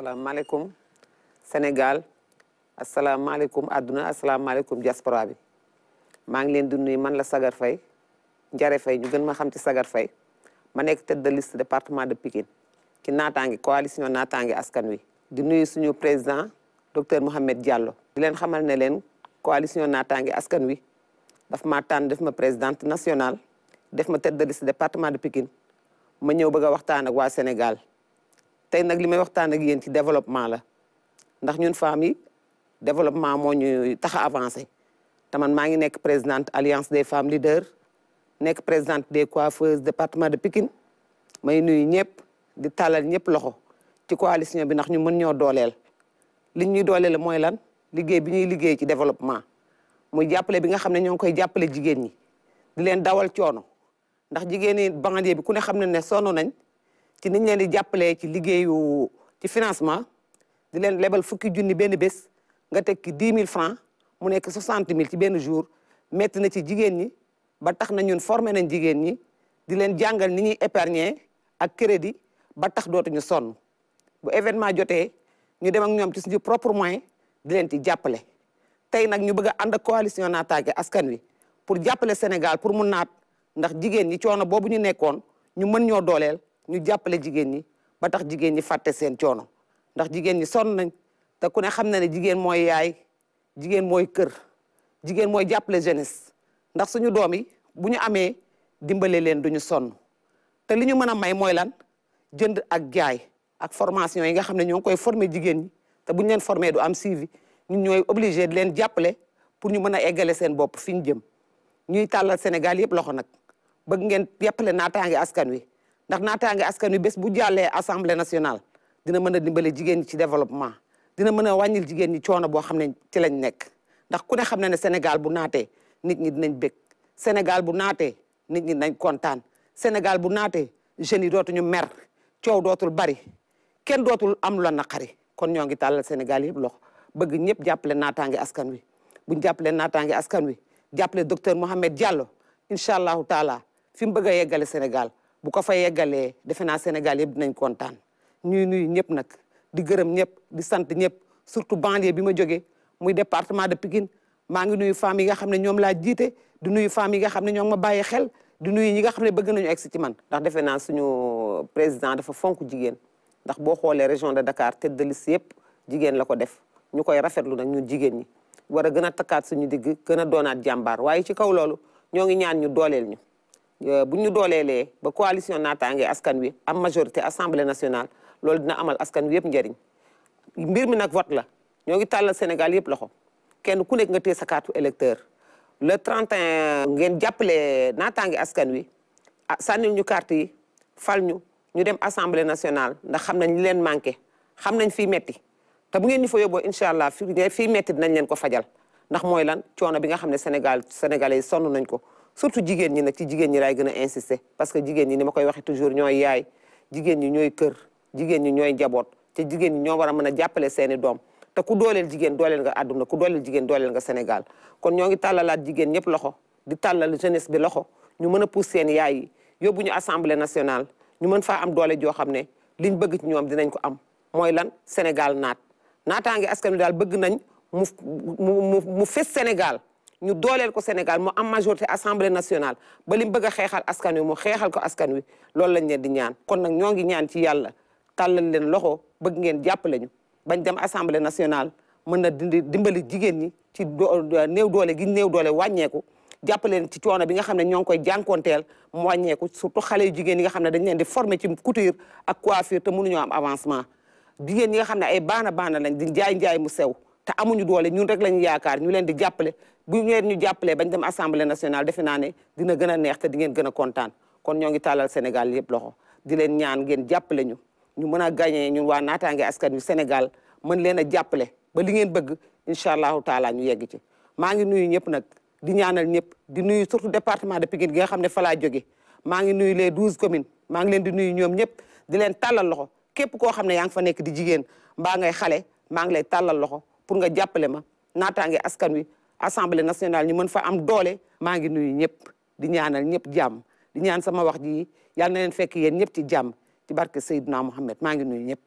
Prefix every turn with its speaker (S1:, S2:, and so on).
S1: asalaamaaleykum Sénégal asalaamaaleykum àdduna asalaamaaleykum diaspora bi maa ngi leen di nuyu man la Sagar Faye Njare Faye ñu gën ma xam ci Sagar Faye ma nekk tête de liste département de Pikine ci naataange coalition naataange askan wi. di nuyu suñu président docteur Mouhamed jàllo di leen xamal ne leen coalition naataange askan wi daf ma tànn def ma présidente national def ma tête de liste département de Pikine ma ñëw bëgg a waxtaan ak waa Sénégal. tey nag li may waxtaan ak yéen ci développement la ndax ñun femmes yi développement moo ñu tax a avancé te maa ngi nekk présidente alliance des femmes leaders nekk présidente des coiffeuses département de Pikine may nuyu ñëpp di tàllal ñëpp loxo ci coalition bi ndax ñu mën ñoo dooleel li ñuy dooleel mooy lan liggéey bi ñuy liggéey ci développement muy jàppale bi nga xam ne ñoo ngi koy jàppale jigéen ñi di leen dawal coono ndax jigéen ñi banlieue bi ku ne xam ne ne sonn nañ ci niñ leen di jàppalee ci liggéeyu ci financement di leen lebal fukki junni benn bés nga teg ki dix mille francs mu nekk soixante mille ci benn jour métti na ci jigéen ñi ba tax na ñun formé nañ jigéen ñi di leen jàngal ni ñuy épargner ak crédit ba tax dootuñu sonn bu événement jotee ñu dem ak ñoom ci suñu propre moyen di leen ci jàppale tey nag ñu bëgg a ànd ak coalition Naataangué askan wi pour jàppale Sénégal pour mu naat ndax jigéen ñi coono boobu ñu nekkoon ñu mën ñoo dooleel ñu jàppale jigéen ñi ba tax jigéen ñi fàtte seen coono ndax jigéen ñi sonn nañ te ku ne xam na ne jigéen mooy yaay jigéen mooy kër jigéen mooy jàppale jeunesse ndax suñu doom yi bu ñu amee dimbale leen du ñu sonn te li ñu mën a may mooy lan jënd ak jaay ak formation yi nga xam ne ñoo koy former jigéen ñi te bu ñu leen former du am suivi ñu ñooy obligé leen jàppale pour ñu mën a eggale seen bopp fi ñu jëm ñuy tàllal Sénégal yëpp loxo nag bëgg ngeen jàppale naataange askan wi ndax naataange askan wi bés bu jàllee assemblée nationale dina mën a dimbale jigéen ñi ci développement dina mën a wàññil jigéen ñi coono boo xam ne ci lañ nekk ndax ku ne xam ne ne Sénégal bu naatee nit ñi dinañ bég Sénégal bu naatee nit ñi dinañ kontaan Sénégal bu naatee jeunes yi dootuñu mer coow dootul bari kenn dootul am la naqari kon ñoo ngi tàllal Sénégal yëpp loxo bëgg ñëpp jàppale naataange askan wi buñ jàppale naataange askan wi jàppale docteur Mohamed Diallo incha allahu taala fi mu bëgg a yeggale Sénégal bu ko fa yeggalee defe naa Sénégal yëpp dinañ kontaan ñuy nuyu ñëpp nag di gërëm ñëpp di sant ñëpp surtout banlieue bi ma jógee muy département de Pikine maa ngi nuyu femmes yi nga xam ne ñoom laa jiite di nuyu femmes yi nga xam ne ñoom ma bàyyi xel di nuyu ñi ga xam ne bëgg nañu egsi ci man. ndax defe naa suñu euh, président dafa fonk jigéen ndax boo xoolee région de Dakar tête de liste yëpp jigéen la ko def ñu koy rafetlu nag ñun jigéen ñi war a gën a takkaat suñu digg gën a doonaat jàmbaar waaye ci kaw loolu ñoo ngi ñaan ñu dooleel ñu. Euh, bu ñu dooleelee ba coalition naataange askan wi am majorité assemblée nationale loolu dina amal askan wi yëpp njariñ mbir mi nag vote la ñoo ngi tàllal Sénégal yëpp loxo kenn ku nekk nga téye sa kaatu électeur le 31 ngeen jàppale naataange askan wi ah ñu carte yi fal ñu ñu dem assemblée nationale ndax xam nañ leen manqué xam nañ fii metti te bu ngeen ñu fa yóbboo incha allah fii metti dinañ leen ko fajal ndax mooy lan coono bi nga xam ne Sénégal sénégalais yi sonn nañ ko. surtout jigéen ñi nag ci jigéen ñi laay gën a insister parce que jigéen ñi ni ma koy waxee toujours ñooy yaay jigéen ñi ñooy kër jigéen ñi ñooy njaboot te jigéen ñi ñoo war a mën a jàppale seeni doom te ku dooleel jigéen dooleel nga àdduna ku dooleel jigéen dooleel nga Sénégal kon ñoo ngi tàllalaat jigéen ñëpp loxo di tàllal jeunesse bi loxo ñu mën a pousse seen yaay yi yóbbu ñu assemblée nationale ñu mën faa am doole joo xam ne liñ bëgg ñoom dinañ ko am mooy lan Sénégal naat naataange askan wi daal bëgg nañ mu mu mu fës Sénégal ñu dooleel ko Sénégal moo am majorité assemblée national ba li mu a xeexal askan wi mu xeexal ko askan wi loolu lañ leen di ñaan kon nag ñoo ngi ñaan ci yàlla tàllal leen loxo bëgg ngeen jàppale ñu bañ dem assemblée national mën na dimbali jigéen ñi ci néew doole gi néew doole wàññeeku jàppaleen ci coono bi nga xam ne ñoo ngi koy jànkonteel mu wàññeeku surtout xale yu jigéen yi xam ne dañ leen di former ci couture ak coiffure te mënuñoo am avancement jigéen yi nga xam ne ay baana baana lañ di jaay njaay mu sew te amuñu doole ñun rek lañu yaakaar ñu leen di jàppale bu ngeen ñu jàppalee bañ dem assemblée nationale defe naa dina gën a neex te di ngeen gën a kontaan kon ñoo ngi tàllal Sénégal yëpp loxo di leen ñaan ngeen jàppale ñu ñu mën a gagné ñu waa naataange askan wi Sénégal mën leen a jàppale ba li ngeen bëgg incha allahu taala ñu yegg ci maa ngi nuyu ñëpp nag di ñaanal ñëpp di nuyu surtout département de Pikine gi nga xam ne fa laa maa ngi nuyu les douze commune maa ngi leen di nuyu ñoom ñëpp di leen tàllal loxo képp koo xam ne yaa ngi fa nekk di jigéen mbaa ngay xale maa ngi lay tàllal loxo pour nga jàppale ma naataange askan wi assemblée nationale ñu mën fa am doole maa ngi nuyu ñëpp di ñaanal ñëpp jàmm di ñaan sama wax ji yal na leen fekk yéen ñëpp ci jàmm ci barke Seydina Mohamed maa ngi nuyu ñëpp.